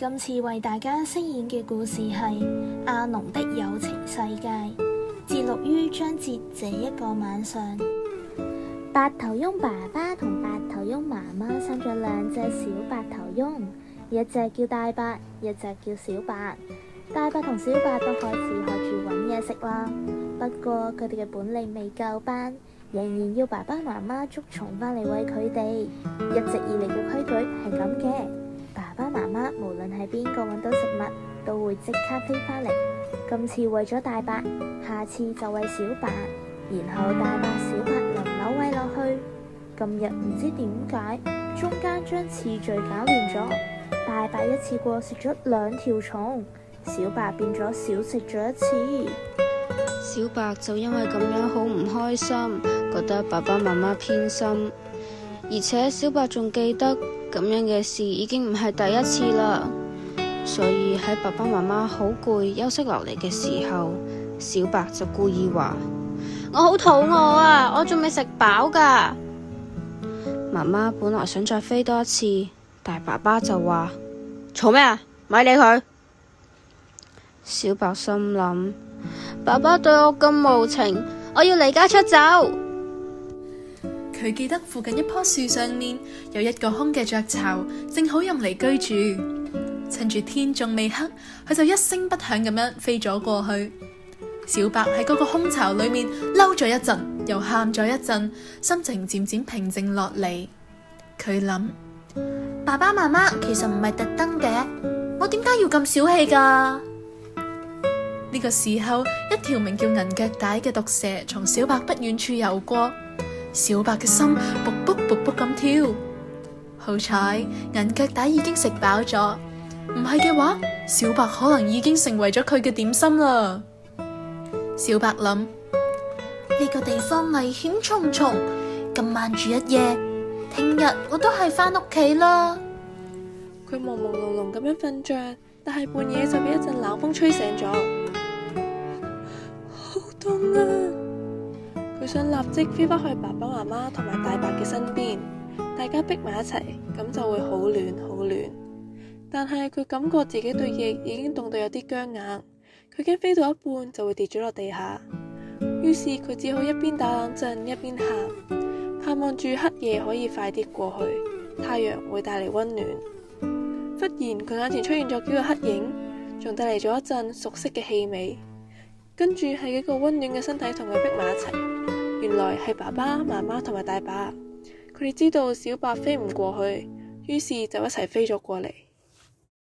今次為大家飾演嘅故事係《阿濃的有情世界》，節錄於章節，這一個晚上。白頭翁爸爸同白頭翁媽媽生咗兩隻小白頭翁，一隻叫大白，一隻叫小白。大白同小白都開始學住揾嘢食啦，不過佢哋嘅本領未夠班，仍然要爸爸媽媽捉蟲返嚟餵佢哋。一直以嚟嘅規矩係咁嘅。媽媽無論係邊個揾到食物，都會即刻飛翻嚟。今次餵咗大白，下次就餵小白，然後大白、小白輪流餵落去。今日唔知點解，中間將次序搞亂咗，大白一次過食咗兩條蟲，小白變咗少食咗一次，小白就因為咁樣好唔開心，覺得爸爸媽媽偏心。而且小白仲記得咁樣嘅事已經唔係第一次啦，所以喺爸爸媽媽好攰休息落嚟嘅時候，小白就故意話：我好肚餓啊，我仲未食飽㗎。媽媽本來想再飛多一次，但係爸爸就話：嘈咩啊，咪理佢。小白心諗：爸爸對我咁無情，我要離家出走。佢記得附近一棵樹上面有一個空嘅雀巢，正好用嚟居住。趁住天仲未黑，佢就一聲不響咁樣飛咗過去。小白喺嗰個空巢裏面嬲咗一陣，又喊咗一陣，心情漸漸平靜落嚟。佢諗：爸爸媽媽其實唔係特登嘅，我點解要咁小氣㗎？呢個時候，一條名叫銀腳帶嘅毒蛇從小白不遠處游過。小白嘅心卜卜卜卜咁跳，好彩銀腳帶已經食飽咗，唔係嘅話小白可能已經成為咗佢嘅點心啦。小白諗，呢個地方危險重重，今晚住一夜，聽日我都係翻屋企啦。佢朦朦朧朧咁樣瞓着，但係半夜就俾一陣冷風吹醒咗。好凍呀！想立即飛返去爸爸媽媽同埋大伯嘅身邊，大家逼埋一齊，咁就會好暖好暖。但係佢感覺自己對翼已經凍到有啲僵硬，佢驚飛到一半就會跌咗落地下，於是佢只好一邊打冷震，一邊喊，盼望住黑夜可以快啲過去，太陽會帶嚟溫暖。忽然佢眼前出現咗幾個黑影，仲帶嚟咗一陣熟悉嘅氣味，跟住係幾個溫暖嘅身體同佢逼埋一齊。原來係爸爸媽媽同埋大伯，佢哋知道小白飛唔過去，於是就一齊飛咗過嚟。